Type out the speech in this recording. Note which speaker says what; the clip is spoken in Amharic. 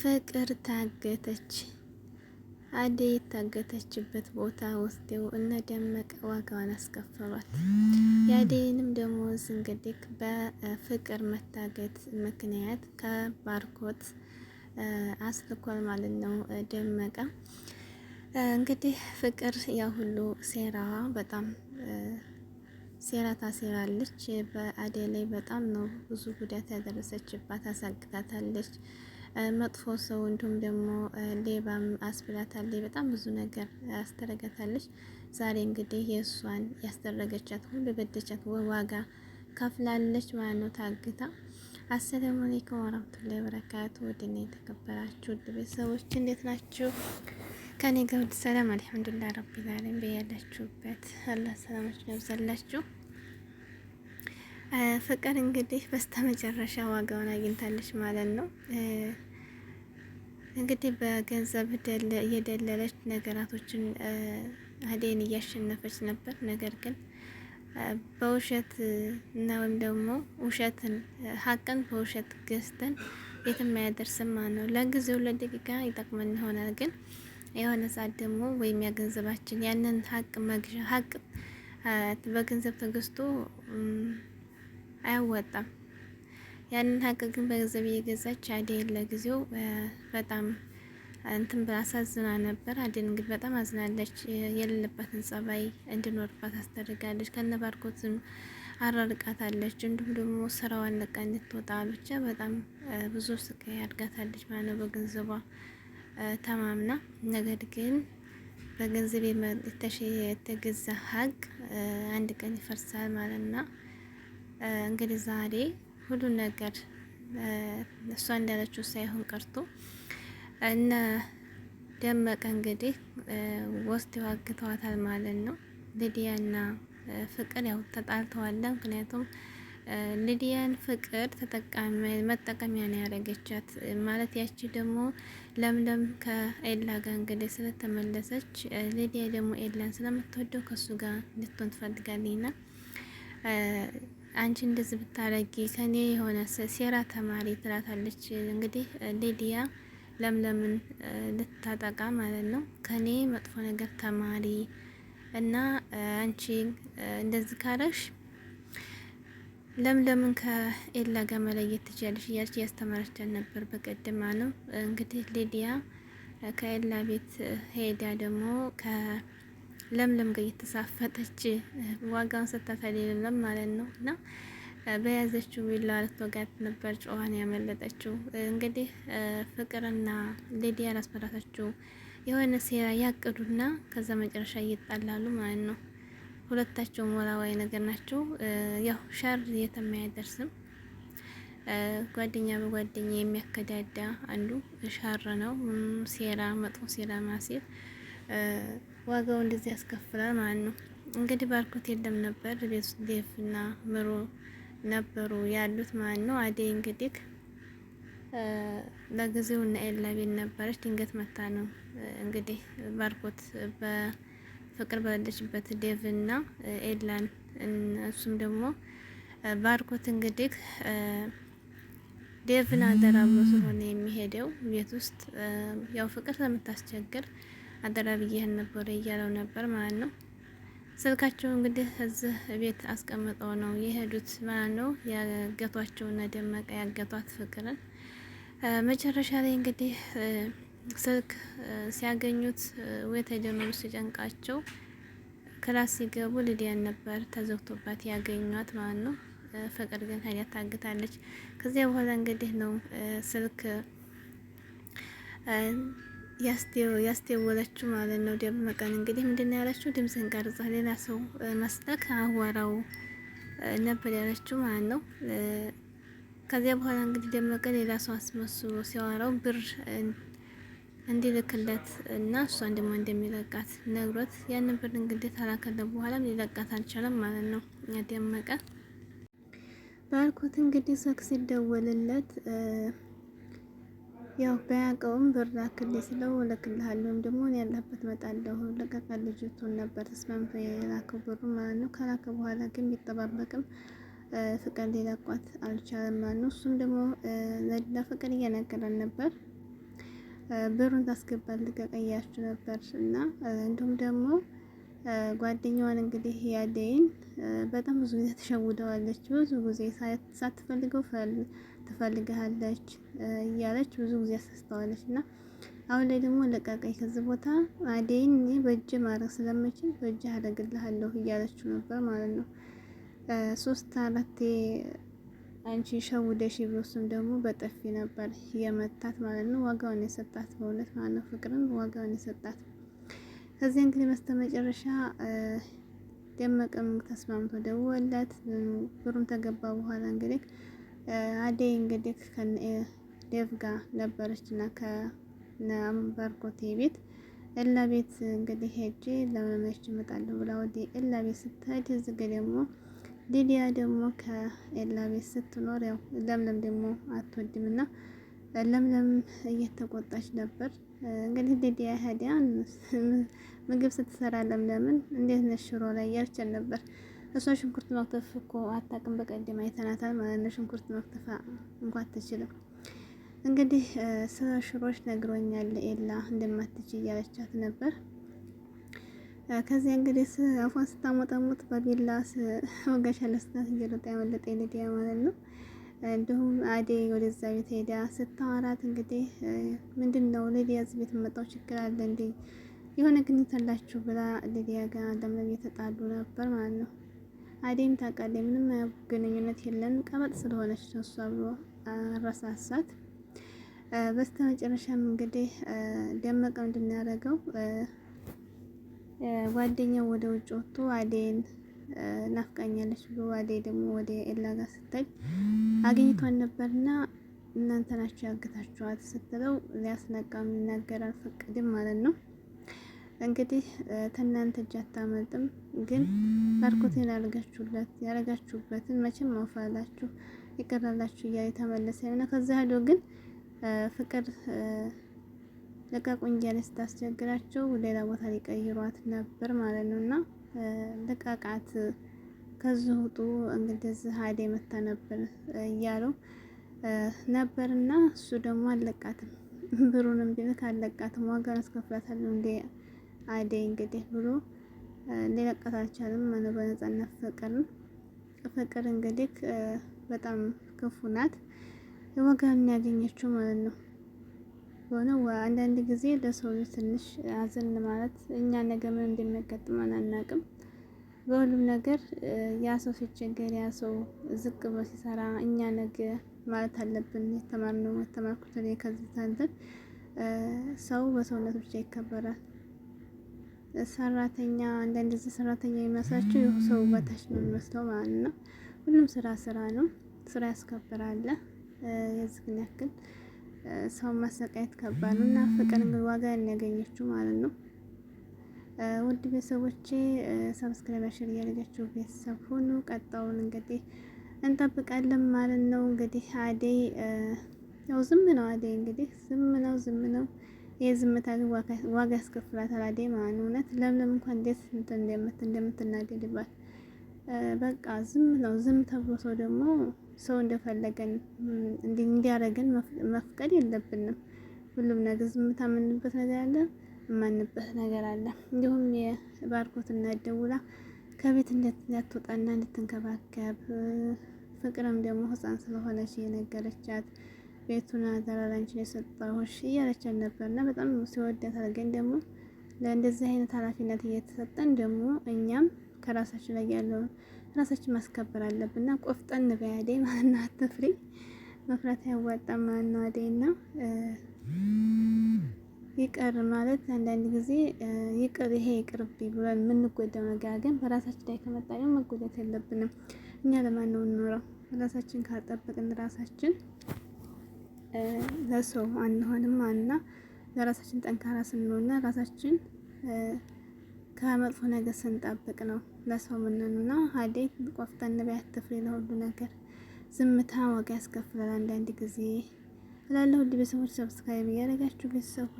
Speaker 1: ፍቅር ታገተች። አደይ የታገተችበት ቦታ ወስደው እነ ደመቀ ዋጋዋን አስከፈሏት። የአደይንም ደሞዝ እንግዲህ በፍቅር መታገት ምክንያት ከባርኮት አስልኮል ማለት ነው ደመቀ። እንግዲህ ፍቅር ያ ሁሉ ሴራዋ በጣም ሴራ ታሴራለች። በአደይ ላይ በጣም ነው ብዙ ጉዳት ያደረሰችባት፣ አሳግታታለች። መጥፎ ሰው እንዲሁም ደግሞ ሌባም አስብላታለች። በጣም ብዙ ነገር አስደረጋታለች። ዛሬ እንግዲህ የእሷን ያስደረገቻት ሁሉ በደቻት ዋጋ ከፍላለች ማለት ነው ታግታ። አሰላሙ አለይኩም ወራህመቱላሂ ወበረካቱ። ወድና የተከበራችሁ ውድ ቤተሰቦች እንዴት ናችሁ? ከኔ ጋር ሰላም አልሐምዱሊላህ ረቢል ዓለሚን። በያላችሁበት አላህ ሰላማችሁን ያብዛላችሁ። ፍቅር እንግዲህ በስተመጨረሻ ዋጋውን አግኝታለች ማለት ነው። እንግዲህ በገንዘብ የደለለች ነገራቶችን አዴን እያሸነፈች ነበር። ነገር ግን በውሸት እና ወይም ደግሞ ውሸትን ሀቅን በውሸት ገዝተን የትም አያደርስም ማለት ነው። ለጊዜው ለደቂቃ ይጠቅመን ይሆናል፣ ግን የሆነ ሰዓት ደግሞ ወይም ያገንዘባችን ያንን ሀቅ መግዣ ሀቅ በገንዘብ ተገዝቶ አያወጣም። ያንን ሀቅ ግን በገንዘብ እየገዛች አዴን ለጊዜው በጣም እንትን አሳዝና ነበር። አዴን እንግዲህ በጣም አዝናለች። የሌለባትን ጸባይ እንድኖርባት አስደርጋለች። ከነባርኮትም አራርቃታለች። እንዲሁም ደግሞ ስራዋን ለቃ እንድትወጣ ብቻ በጣም ብዙ ስቃይ አድጋታለች ማለት ነው በገንዘቧ ተማምና። ነገር ግን በገንዘብ የተገዛ ሀቅ አንድ ቀን ይፈርሳል ማለት ነው። እንግዲህ ዛሬ ሁሉ ነገር እሷ እንዳለችው ሳይሆን ቀርቶ እነ ደመቀ እንግዲህ ወስደው አግተዋታል ማለት ነው። ልዲያና ፍቅር ያው ተጣልተዋል። ምክንያቱም ልድያን ፍቅር ተጠቃሚ መጠቀሚያ ነው ያደረገቻት ማለት ያቺ ደግሞ ለምለም ከኤላ ጋር እንግዲህ ስለተመለሰች ልዲያ ደግሞ ኤላን ስለምትወደው ከሱ ጋር ልትሆን ትፈልጋለች ና አንቺ እንደዚህ ብታረጊ ከኔ የሆነ ሴራ ተማሪ ትላታለች። እንግዲህ ሌዲያ ለምለምን ልታጠቃ ማለት ነው። ከኔ መጥፎ ነገር ተማሪ እና አንቺ እንደዚህ ካረሽ ለምለምን ከኤላ ጋር መለየት ትችያለሽ እያለች እያስተማረች ነበር። በቀደማ ነው እንግዲህ ሌዲያ ከኤላ ቤት ሄዳ ደግሞ ለምለም ጋር እየተሳፈጠች ዋጋውን ሰታታል የለም ማለት ነው እና በያዘችው ቢላ ልትወጋት ነበር ጨዋን ያመለጠችው። እንግዲህ ፍቅርና ሌዲያ ላስፈራታችሁ የሆነ ሴራ ያቅዱና ከዛ መጨረሻ እይጣላሉ ማለት ነው። ሁለታቸውም ወላዋይ ነገር ናቸው። ያው ሻር የትም አይደርስም። ጓደኛ በጓደኛ የሚያከዳዳ አንዱ ሻር ነው። ሴራ መጥፎ ሴራ ማሴር ዋጋው እንደዚህ ያስከፍላል ማለት ነው። እንግዲህ ባርኮት የለም ነበር ቤት ውስጥ ዴፍ እና ምሮ ነበሩ ያሉት ማለት ነው። አደይ እንግዲህ ለጊዜው እና ኤላ ነበረች። ድንገት መታ ነው እንግዲህ ባርኮት በፍቅር በሌለችበት ዴቭ እና ኤላን እሱም ደግሞ ባርኮት እንግዲህ ዴቭን አደራ ብሎ ስለሆነ የሚሄደው ቤት ውስጥ ያው ፍቅር ለምታስቸግር አደራርዬህን ነበረ እያለው ነበር ማለት ነው። ስልካቸው እንግዲህ እዚህ ቤት አስቀምጠው ነው የሄዱት ማለት ነው። ያገቷቸውና ደመቀ ያገቷት ፍቅርን መጨረሻ ላይ እንግዲህ ስልክ ሲያገኙት ወይ ተጀመሩ ሲጨንቃቸው ክላስ ሲገቡ ልዲያን ነበር ተዘግቶባት ያገኟት ማለት ነው። ፍቅር ግን ሀዲያ ታግታለች። ከዚያ በኋላ እንግዲህ ነው ስልክ ያስደወለችው ማለት ነው። ደመቀን እንግዲህ ምንድን ነው ያለችው? ድምፅህን ቀርጸህ ሌላ ሰው መስለክ አዋራው ነበር ያለችው ማለት ነው። ከዚያ በኋላ እንግዲህ ደመቀ ሌላ ሰው አስመስሎ ሲያወራው ብር እንዲልክለት እና እሷ ደግሞ እንደሚለቃት ነግሮት ያንን ብር እንግዲህ ተላከለ በኋላም ሊለቃት አልቻለም ማለት ነው። ደመቀ ባርኮት እንግዲህ ሰው ሲደወልለት ያው ባያውቀውም ብር ላክልኝ ስለው እልክልሃለሁ ወይም ደግሞ ያለበት እመጣለሁ ለቀቃ ልጅቱን ነበር ተስማምቶ የላከው ብሩ ማለት ነው። ከላከ በኋላ ግን ቢጠባበቅም ፍቅር ሊለቋት አልቻለም ማለት ነው። እሱም ደግሞ ለፍቅር እየነገረን ነበር ብሩን ታስገባል ልቀቀያችሁ ነበር እና እንዲሁም ደግሞ ጓደኛዋን እንግዲህ ያደይን በጣም ብዙ ጊዜ ተሸውደዋለች። ብዙ ጊዜ ሳትፈልገው ትፈልግሃለች እያለች ብዙ ጊዜ አሳስተዋለች እና አሁን ላይ ደግሞ ለቃቃኝ ከዚህ ቦታ አዴን በእጅ ማድረግ ስለምችል በእጅ አደርግልሃለሁ እያለችው ነበር ማለት ነው። ሶስት አራቴ አንቺ ሸውደሽ ብሱም ደግሞ በጠፊ ነበር የመታት ማለት ነው። ዋጋውን የሰጣት በእውነት ማለት ነው። ፍቅርን ዋጋውን የሰጣት ከዚህ እንግዲህ መስተመጨረሻ ደመቀም ተስማምቶ ደወላት። ብሩም ተገባ በኋላ እንግዲህ አደይ እንግዲህ ከዴቭ ጋር ነበረች እና ከነባርኮቴ ቤት እላ ቤት እንግዲህ ሄጂ ለመመች እመጣለሁ ብላ ወደ እላ ቤት ስትሄድ እዚህ ጋ ደግሞ ሊዲያ ደግሞ ከኤላ ቤት ስትኖር ያው ለምለም ደግሞ አትወድም እና ለምለም እየተቆጣች ነበር። እንግዲህ ሊዲያ ሄዲያ ምግብ ስትሰራ ለምለምን እንዴት ነሽ ሽሮ ላይ እያለችን ነበር። እሷ ሽንኩርት መክተፍ እኮ አታውቅም። በቀደም አይተናታል ማለት ነው። ሽንኩርት መክተፍ እንኳ አትችልም። እንግዲህ ስለ ሽሮች ነግሮኛል ኤላ እንደማትች እያለቻት ነበር። ከዚያ እንግዲህ አፏን ስታሞጣሞጥ በቢላ ወጋሻ ለስታት እየሮጣ ያመለጠ ሊዲያ ማለት ነው። እንዲሁም አዴ ወደዛ ቤት ሄዳ ስታወራት እንግዲህ ምንድን ነው ሊዲያ እዚህ ቤት መጣው ችግር አለ እንዴ የሆነ ግንኙነት አላችሁ ብላ ሊዲያ ጋር ለምን እየተጣሉ ነበር ማለት ነው። አዴም ታውቃለች ምንም ግንኙነት የለን ቀበጥ ስለሆነች ነው እሷ ብሎ አረሳሳት። በስተመጨረሻም እንግዲህ ደመቀ እንድናደርገው ጓደኛው ወደ ውጭ ወጥቶ አዴን። ናፍቃኛለች ብሎ አደይ ደግሞ ወደ ኤላ ጋር ስትሄድ አግኝቷን ነበርና እናንተ ናቸው ያገታችኋት ስትለው ሊያስነቃ የሚናገር አልፈቀድም ማለት ነው። እንግዲህ ተናንተ እጅ አታመልጥም፣ ግን ባርኮቴን ያደርጋችሁለት ያረጋችሁበትን መቼም አውፋላችሁ ይቀራላችሁ እያለ ተመለሰ እና ከዛ ሄዶ ግን ፍቅር ለቀቁኝ እያለ ስታስቸግራቸው ሌላ ቦታ ሊቀይሯት ነበር ማለት ነው እና ልቀቃት ከዚህ ውጡ እንግዲህ አደይ መታ ነበር እያለው ነበርና እሱ ደግሞ አለቃትም ብሩንም ቢልክ አለቃትም ዋጋ አስከፍላታለሁ እንደ አደይ እንግዲህ ብሎ ሊለቃት አልቻለም። በነፃነት ፍቅር ፍቅር እንግዲህ በጣም ክፉ ናት። ዋጋ ያገኘችው ማለት ነው። ሆነ አንዳንድ ጊዜ ለሰው ልጅ ትንሽ አዘን ማለት እኛ ነገ ምን እንደሚያጋጥመን አናውቅም። በሁሉም ነገር ያ ሰው ሲቸገር፣ ያ ሰው ዝቅ ብሎ ሲሰራ እኛ ነገ ማለት አለብን የተማርነው የተማርኩት እኔ ከዚህ እንትን ሰው በሰውነት ብቻ ይከበራል። ሰራተኛ አንዳንድ ጊዜ ሰራተኛ የሚመስላቸው ይህ ሰው በታች ነው የሚመስለው ማለት ነው። ሁሉም ስራ ስራ ነው። ስራ ያስከብራል። የዚህን ያክል ሰው ማሰቃየት ከባድ ነው እና ፍቅር እንግዲህ ዋጋ ያገኘችው ማለት ነው። ውድ ቤተሰቦቼ ሰብስክራይብ ሼር እያደረጋችሁ ቤተሰብ ሁኑ። ቀጣውን እንግዲህ እንጠብቃለን ማለት ነው። እንግዲህ አደይ ያው ዝም ነው። አደይ እንግዲህ ዝም ነው፣ ዝም ነው። የዝምታ ዋጋ ያስከፍላታል። አደይ ማለት ነው። እውነት ለምለም እንኳን እንዴት እንደምትናደድባት በቃ ዝም ነው። ዝም ተብሎ ሰው ደግሞ ሰው እንደፈለገን እንዲያደርገን መፍቀድ የለብንም። ሁሉም ነገር ዝምታ የምንልበት ነገር አለ፣ የማንበት ነገር አለ። እንዲሁም የባርኮት እና ደውላ ከቤት እንዳትወጣና እንድትንከባከብ ፍቅርም ደግሞ ሕፃን ስለሆነች የነገረቻት ቤቱን አደራ ላንቺን የሰጠሁሽ እያለቻት ነበር እና በጣም ሲወዳት አድርገን ደግሞ ለእንደዚህ አይነት ኃላፊነት እየተሰጠን ደግሞ እኛም ከራሳችን ላይ ያለውን ራሳችን ማስከበር አለብንና ቆፍጠን በያዴ አደይ ማለት ነው። አትፍሪ፣ መፍራት ያወጣ ማለት ነው። ይቅር ማለት አንዳንድ ጊዜ ይቅር ይሄ ይቅርብኝ ብለን የምንጎዳው ነገር ግን በራሳችን ላይ ከመጣ ግን መጎዳት የለብንም። እኛ ለማን ነው እንኖረው? ራሳችን ካልጠበቅን ራሳችን ለሰው አንሆንም እና ለራሳችን ጠንካራ ስንሆንና ራሳችን ከመጥፎ ነገር ስንጠብቅ ነው ለሰው ምንንና ሀዴ ቆፍጠን ቢያት ትፍሬ ለሁሉ ነገር ዝምታ ዋጋ ያስከፍላል አንዳንድ ጊዜ እላለሁ። ውድ ቤተሰቦች ሰብስክራይብ እያደረጋችሁ ቤተሰቡ